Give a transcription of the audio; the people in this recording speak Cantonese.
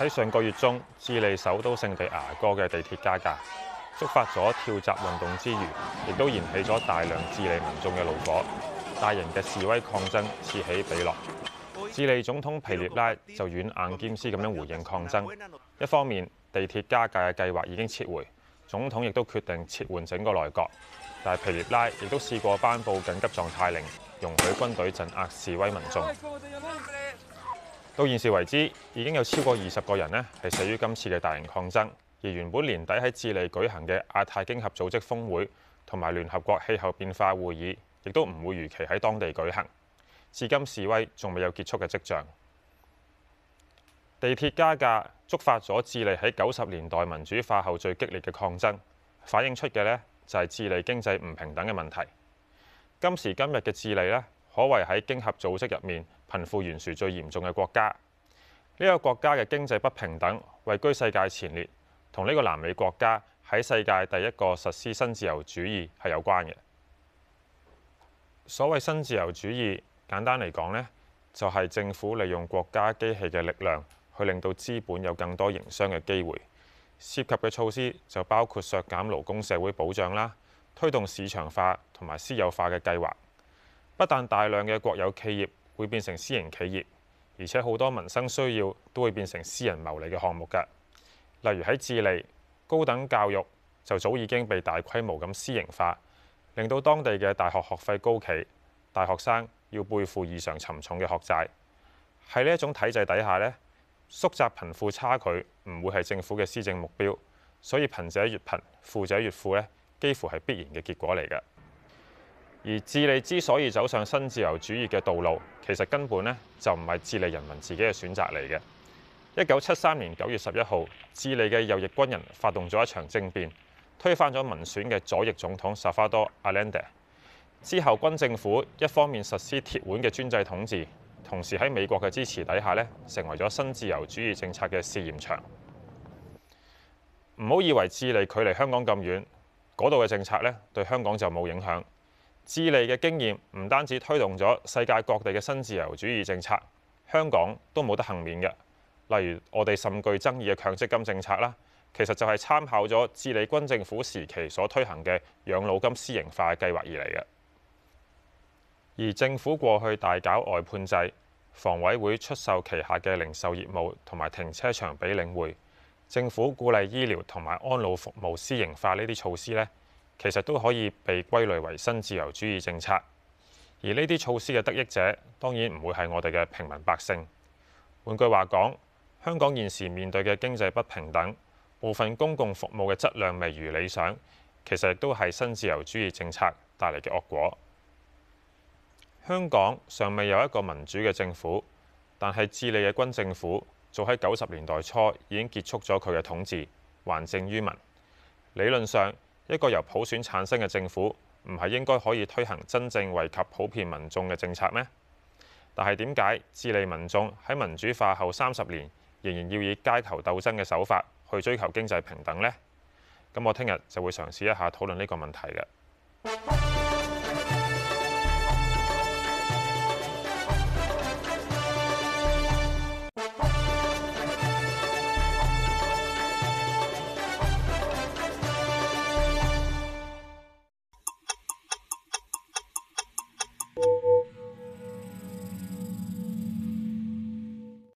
喺上個月中，智利首都聖地牙哥嘅地鐵加價，觸發咗跳閘運動之餘，亦都燃起咗大量智利民眾嘅怒火，大型嘅示威抗爭此起彼落。智利總統皮涅拉就軟硬兼施咁樣回應抗爭，一方面地鐵加價嘅計劃已經撤回，總統亦都決定撤換整個內閣，但係皮涅拉亦都試過頒布緊急狀態令，容許軍隊鎮壓示威民眾。到現時為止，已經有超過二十個人呢係死於今次嘅大型抗爭，而原本年底喺智利舉行嘅亞太經合組織峰會同埋聯合國氣候變化會議，亦都唔會如期喺當地舉行。至今示威仲未有結束嘅跡象。地鐵加價觸發咗智利喺九十年代民主化後最激烈嘅抗爭，反映出嘅呢就係智利經濟唔平等嘅問題。今時今日嘅智利呢，可謂喺經合組織入面貧富懸殊最嚴重嘅國家，呢個國家嘅經濟不平等位居世界前列，同呢個南美國家喺世界第一個實施新自由主義係有關嘅。所謂新自由主義，簡單嚟講呢就係政府利用國家機器嘅力量去令到資本有更多營商嘅機會，涉及嘅措施就包括削減勞工社會保障啦，推動市場化同埋私有化嘅計劃。不但大量嘅國有企業會變成私營企業，而且好多民生需要都會變成私人牟利嘅項目㗎。例如喺智利，高等教育就早已經被大規模咁私營化，令到當地嘅大學學費高企，大學生要背負異常沉重嘅學債。喺呢一種體制底下呢，縮窄貧富差距唔會係政府嘅施政目標，所以貧者越貧，富者越富呢，幾乎係必然嘅結果嚟嘅。而智利之所以走上新自由主義嘅道路，其實根本咧就唔係智利人民自己嘅選擇嚟嘅。一九七三年九月十一號，智利嘅右翼軍人發動咗一場政變，推翻咗民選嘅左翼總統薩花多阿蘭德。之後，軍政府一方面實施鐵腕嘅專制統治，同時喺美國嘅支持底下咧，成為咗新自由主義政策嘅試驗場。唔好以為智利距離香港咁遠，嗰度嘅政策咧對香港就冇影響。智利嘅經驗唔單止推動咗世界各地嘅新自由主義政策，香港都冇得幸免嘅。例如，我哋甚具爭議嘅強積金政策啦，其實就係參考咗智利軍政府時期所推行嘅養老金私營化計劃而嚟嘅。而政府過去大搞外判制，房委會出售旗下嘅零售業務同埋停車場俾領匯，政府鼓勵醫療同埋安老服務私營化呢啲措施呢。其實都可以被歸類為新自由主義政策，而呢啲措施嘅得益者當然唔會係我哋嘅平民百姓。換句話講，香港現時面對嘅經濟不平等、部分公共服務嘅質量未如理想，其實亦都係新自由主義政策帶嚟嘅惡果。香港尚未有一個民主嘅政府，但係智利嘅軍政府早喺九十年代初已經結束咗佢嘅統治，還政於民。理論上。一個由普選產生嘅政府，唔係應該可以推行真正惠及普遍民眾嘅政策咩？但係點解智利民眾喺民主化後三十年，仍然要以街頭鬥爭嘅手法去追求經濟平等呢？咁我聽日就會嘗試一下討論呢個問題嘅。